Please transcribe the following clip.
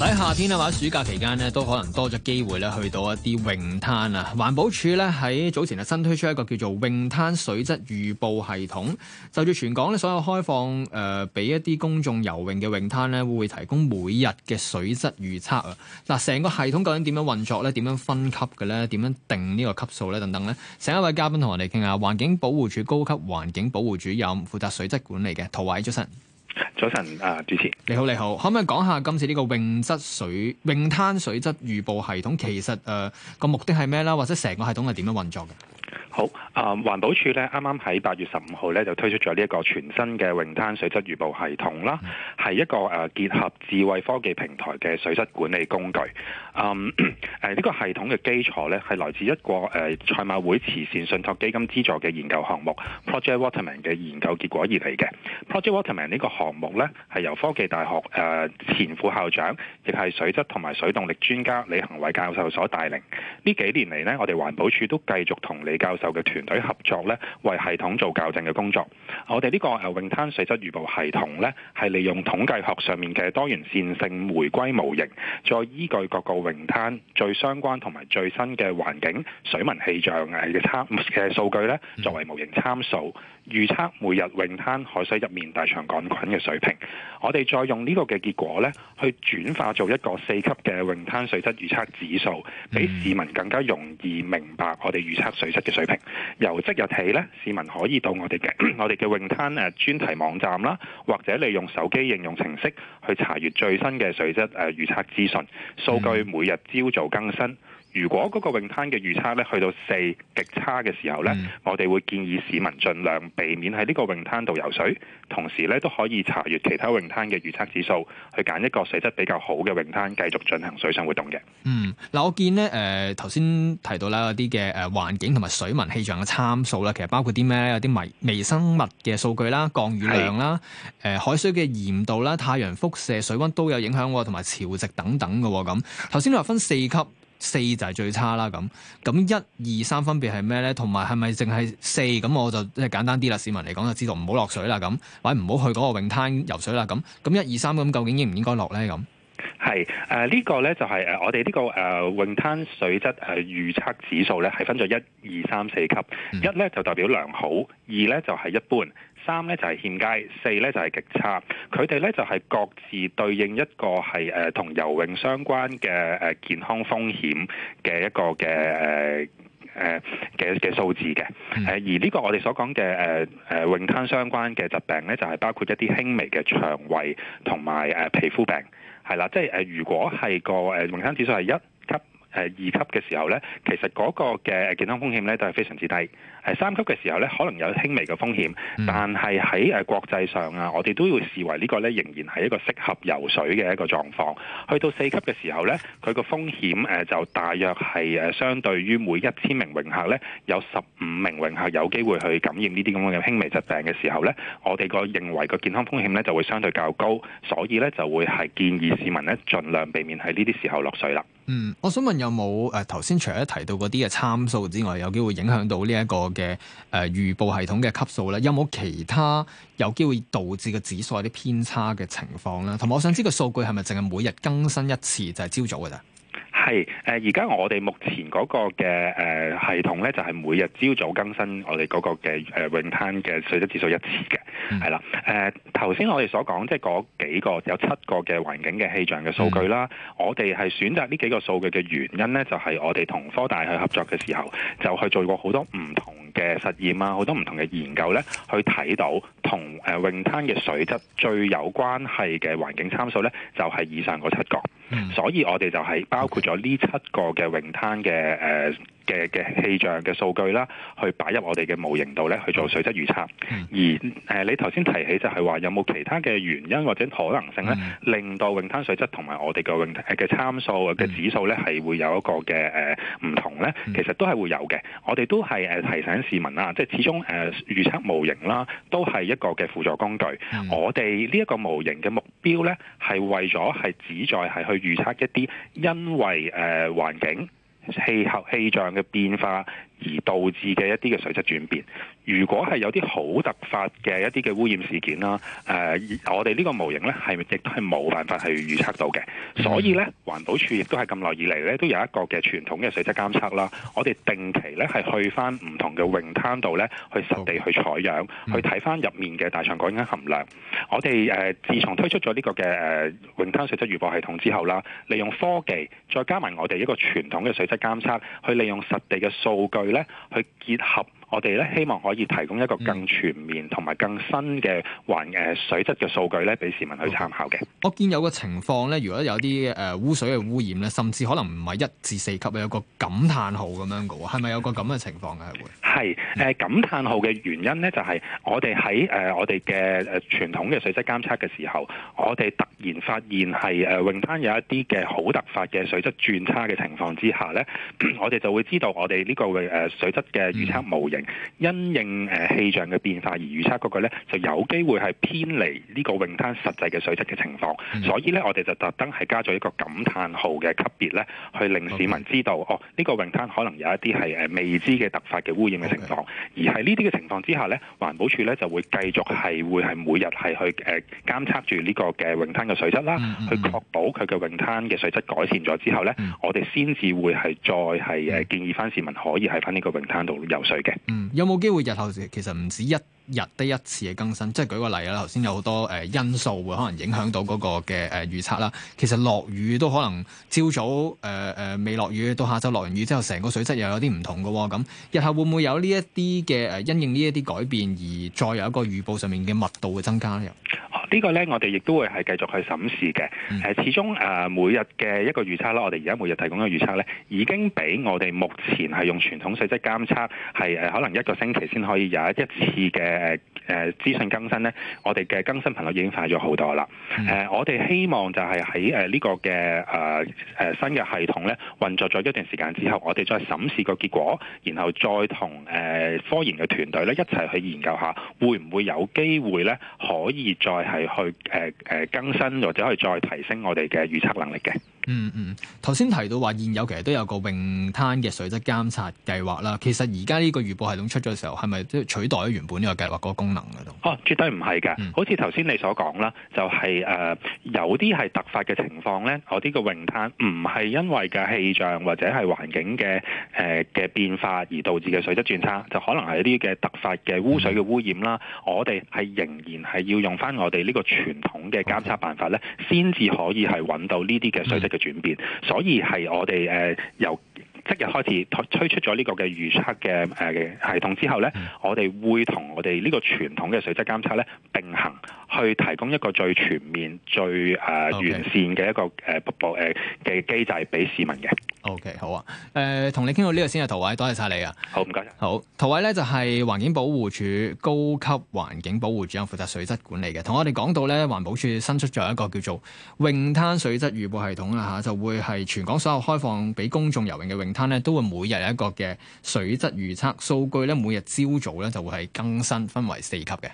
喺夏天啊，或者暑假期間咧，都可能多咗機會咧，去到一啲泳灘啊。環保署咧喺早前啊，新推出一個叫做泳灘水質預報系統，就住全港咧所有開放誒，俾、呃、一啲公眾游泳嘅泳灘咧，會提供每日嘅水質預測啊。嗱，成個系統究竟點樣運作咧？點樣分級嘅咧？點樣定呢個級數咧？等等咧，請一位嘉賓同我哋傾下。環境保護署高級環境保護主任負責水質管理嘅，陶煒先生。早晨，啊、呃，主持。你好，你好，可唔可以講下今次呢個泳質水泳灘水質預報系統？其實誒，個、呃、目的係咩啦？或者成個系統係點樣運作嘅？好，啊、嗯，環保署咧啱啱喺八月十五號咧就推出咗呢一個全新嘅泳灘水質預報系統啦，係一個誒、呃、結合智慧科技平台嘅水質管理工具。嗯，誒呢、這個系統嘅基礎咧係來自一個誒賽、呃、馬會慈善信託基金資助嘅研究項目 Project Waterman 嘅研究結果而嚟嘅。Project Waterman 呢個項目咧係由科技大學誒、呃、前副校長，亦係水質同埋水動力專家李行偉教授所帶領。呢幾年嚟咧，我哋環保署都繼續同李教授嘅團隊合作咧，為系統做校正嘅工作。我哋呢個游泳灘水質預報系統咧，係利用統計學上面嘅多元線性回歸模型，再依據各個泳灘最相關同埋最新嘅環境水文氣象嘅參嘅數據咧，作為模型參數，預測每日泳灘海水入面大腸桿菌嘅水平。我哋再用呢個嘅結果咧，去轉化做一個四級嘅泳灘水質預測指數，俾市民更加容易明白我哋預測水質嘅水平。 由即日起咧，市民可以到我哋嘅 我哋嘅泳灘誒專題網站啦，或者利用手機應用程式去查閱最新嘅水質誒預測資訊，數據每日朝早更新。 如果嗰個泳灘嘅預測咧去到四極差嘅時候咧，嗯、我哋會建議市民盡量避免喺呢個泳灘度游水，同時咧都可以查閲其他泳灘嘅預測指數，去揀一個水質比較好嘅泳灘繼續進行水上活動嘅。嗯，嗱，我見咧誒頭先提到啦，有啲嘅誒環境同埋水文氣象嘅參數啦，其實包括啲咩？有啲微微生物嘅數據啦、降雨量啦、誒的、呃、海水嘅鹽度啦、太陽輻射、水溫都有影響喎，同埋潮汐等等嘅咁。頭先你話分四級。四就係最差啦，咁咁一二三分別係咩咧？同埋係咪淨係四？咁我就即係簡單啲啦，市民嚟講就知道唔好落水啦，咁或者唔好去嗰個泳灘游水啦，咁咁一二三咁究竟應唔應該落咧？咁係誒呢個咧就係誒我哋呢、呢個誒、呃、泳灘水質誒、呃、預測指數咧係分咗一二三四級，一咧、嗯、就代表良好，二咧就係一般。三咧就係欠佳，四咧就係極差。佢哋咧就係各自對應一個係誒同游泳相關嘅誒健康風險嘅一個嘅誒誒嘅嘅數字嘅。誒、呃、而呢個我哋所講嘅誒誒泳灘相關嘅疾病咧，就係、是、包括一啲輕微嘅腸胃同埋誒皮膚病，係啦。即係誒、呃、如果係個誒、呃、泳灘指數係一級誒、呃、二級嘅時候咧，其實嗰個嘅健康風險咧都係非常之低。係三級嘅時候咧，可能有輕微嘅風險，但係喺誒國際上啊，我哋都會視為呢個咧仍然係一個適合游水嘅一個狀況。去到四級嘅時候咧，佢個風險誒就大約係誒相對於每一千名泳客咧，有十五名泳客有機會去感染呢啲咁樣嘅輕微疾病嘅時候咧，我哋個認為個健康風險咧就會相對較高，所以咧就會係建議市民咧盡量避免喺呢啲時候落水啦。嗯，我想問有冇誒頭先除咗提到嗰啲嘅參數之外，有機會影響到呢一個嘅誒預報系統嘅級數咧，有冇其他有機會導致個指數有啲偏差嘅情況咧？同埋，我想知個數據係咪淨係每日更新一次，就係朝早嘅咋？係誒，而、呃、家我哋目前嗰個嘅誒、呃、系統咧，就係每日朝早更新我哋嗰個嘅誒泳灘嘅水質指數一次嘅，係啦、嗯。誒頭先我哋所講即係嗰幾個有七個嘅環境嘅氣象嘅數據啦，嗯、我哋係選擇呢幾個數據嘅原因咧，就係、是、我哋同科大去合作嘅時候，就去做過好多唔同嘅實驗啊，好多唔同嘅研究咧，去睇到同誒、呃、泳灘嘅水質最有關係嘅環境參數咧，就係、是、以上嗰七個。 所以我哋就係包括咗呢七個嘅泳灘嘅誒。呃嘅嘅氣象嘅數據啦，去擺入我哋嘅模型度咧，去做水質預測。Mm. 而誒、呃、你頭先提起就係話有冇其他嘅原因或者可能性咧，mm. 令到泳灘水質同埋我哋嘅泳誒嘅參數嘅指數咧，係會有一個嘅誒唔同咧。其實都係會有嘅。我哋都係誒提醒市民啦，即係始終誒預測模型啦，都係一個嘅輔助工具。Mm. 我哋呢一個模型嘅目標咧，係為咗係旨在係去預測一啲因為誒、呃、環境。氣候氣象嘅變化而導致嘅一啲嘅水質轉變。如果係有啲好突發嘅一啲嘅污染事件啦，誒、呃，我哋呢個模型呢係亦都係冇辦法去預測到嘅，所以呢，環保署亦都係咁耐以嚟呢，都有一個嘅傳統嘅水質監測啦。我哋定期呢係去翻唔同嘅泳灘度呢，去實地去採樣，嗯、去睇翻入面嘅大腸桿菌含量。我哋誒、呃、自從推出咗呢個嘅誒泳灘水質預報系統之後啦，利用科技，再加埋我哋一個傳統嘅水質監測，去利用實地嘅數據呢，去結合。我哋咧希望可以提供一個更全面同埋更新嘅環誒水質嘅數據，咧，俾市民去參考嘅、嗯。我見有個情況咧，如果有啲誒污水嘅污染咧，甚至可能唔係一至四級有個感嘆號咁樣噶，係咪有個咁嘅情況啊？係會係誒感嘆號嘅原因咧，就、呃、係我哋喺誒我哋嘅誒傳統嘅水質監測嘅時候，我哋突然發現係誒泳灘有一啲嘅好突發嘅水質轉差嘅情況之下咧，我哋就會知道我哋呢個嘅誒水質嘅預測模型、嗯。因應誒氣象嘅變化而預測嗰句咧，就有機會係偏離呢個泳灘實際嘅水質嘅情況，mm hmm. 所以咧我哋就特登係加咗一個感嘆號嘅級別咧，去令市民知道 Okay. 哦，呢、呢個泳灘可能有一啲係誒未知嘅突發嘅污染嘅情況，Okay. 而係呢啲嘅情況之下咧，環保署咧就會繼續係會係每日係去誒監測住呢個嘅泳灘嘅水質啦，mm hmm. 去確保佢嘅泳灘嘅水質改善咗之後咧，mm hmm. 我哋先至會係再係誒建議翻市民可以喺翻呢個泳灘度游水嘅。嗯，有冇機會日後其實唔止一日得一次嘅更新？即係舉個例啦，頭先有好多誒、呃、因素會可能影響到嗰個嘅誒預測啦。其實落雨都可能朝早誒誒未落雨，到下晝落完雨之後，成個水質又有啲唔同㗎、喔。咁日後會唔會有呢一啲嘅誒因應呢一啲改變而再有一個預報上面嘅密度嘅增加呢？呃呢個呢，我哋亦都會係繼續去審視嘅。誒、呃，始終誒、呃、每日嘅一個預測啦，我哋而家每日提供嘅預測呢，已經比我哋目前係用傳統水質監測係誒可能一個星期先可以有一次嘅誒資訊更新呢，我哋嘅更新頻率已經快咗好多啦。誒、呃，我哋希望就係喺誒呢個嘅誒誒新嘅系統呢，運作咗一段時間之後，我哋再審視個結果，然後再同誒、呃、科研嘅團隊呢一齊去研究下，會唔會有機會呢，可以再係去誒誒、呃呃、更新，或者可以再提升我哋嘅預測能力嘅。嗯嗯，頭先提到話現有其實都有個泳灘嘅水質監測計劃啦。其實而家呢個預報系統出咗嘅時候，係咪即取代咗原本呢個計劃嗰個功能度？哦，絕對唔係㗎。嗯、好似頭先你所講啦，就係、是、誒、呃、有啲係突發嘅情況咧，我呢個泳灘唔係因為嘅氣象或者係環境嘅誒嘅變化而導致嘅水質轉差，就可能係一啲嘅突發嘅污水嘅污染啦。我哋係仍然係要用翻我哋呢個傳統嘅監測辦法咧，先至可以係揾到呢啲嘅水質嘅。嗯轉變。所以係我哋誒由即日開始推出咗呢個嘅預測嘅誒系統之後咧，我哋會同我哋呢個傳統嘅水質監測咧並行。去提供一個最全面、最誒完善嘅一個誒瀑布誒嘅機制俾市民嘅。OK，好啊。誒、呃，同你傾到呢個先啊，陶煒，多謝晒你啊。好，唔該。好，陶煒呢就係、是、環境保護署高級環境保護主任，負責水質管理嘅。同我哋講到呢，環保署新出咗一個叫做泳灘水質預報系統啊，吓就會係全港所有開放俾公眾游泳嘅泳灘呢，都會每日有一個嘅水質預測數據呢，每日朝早呢就會係更新，分為四級嘅。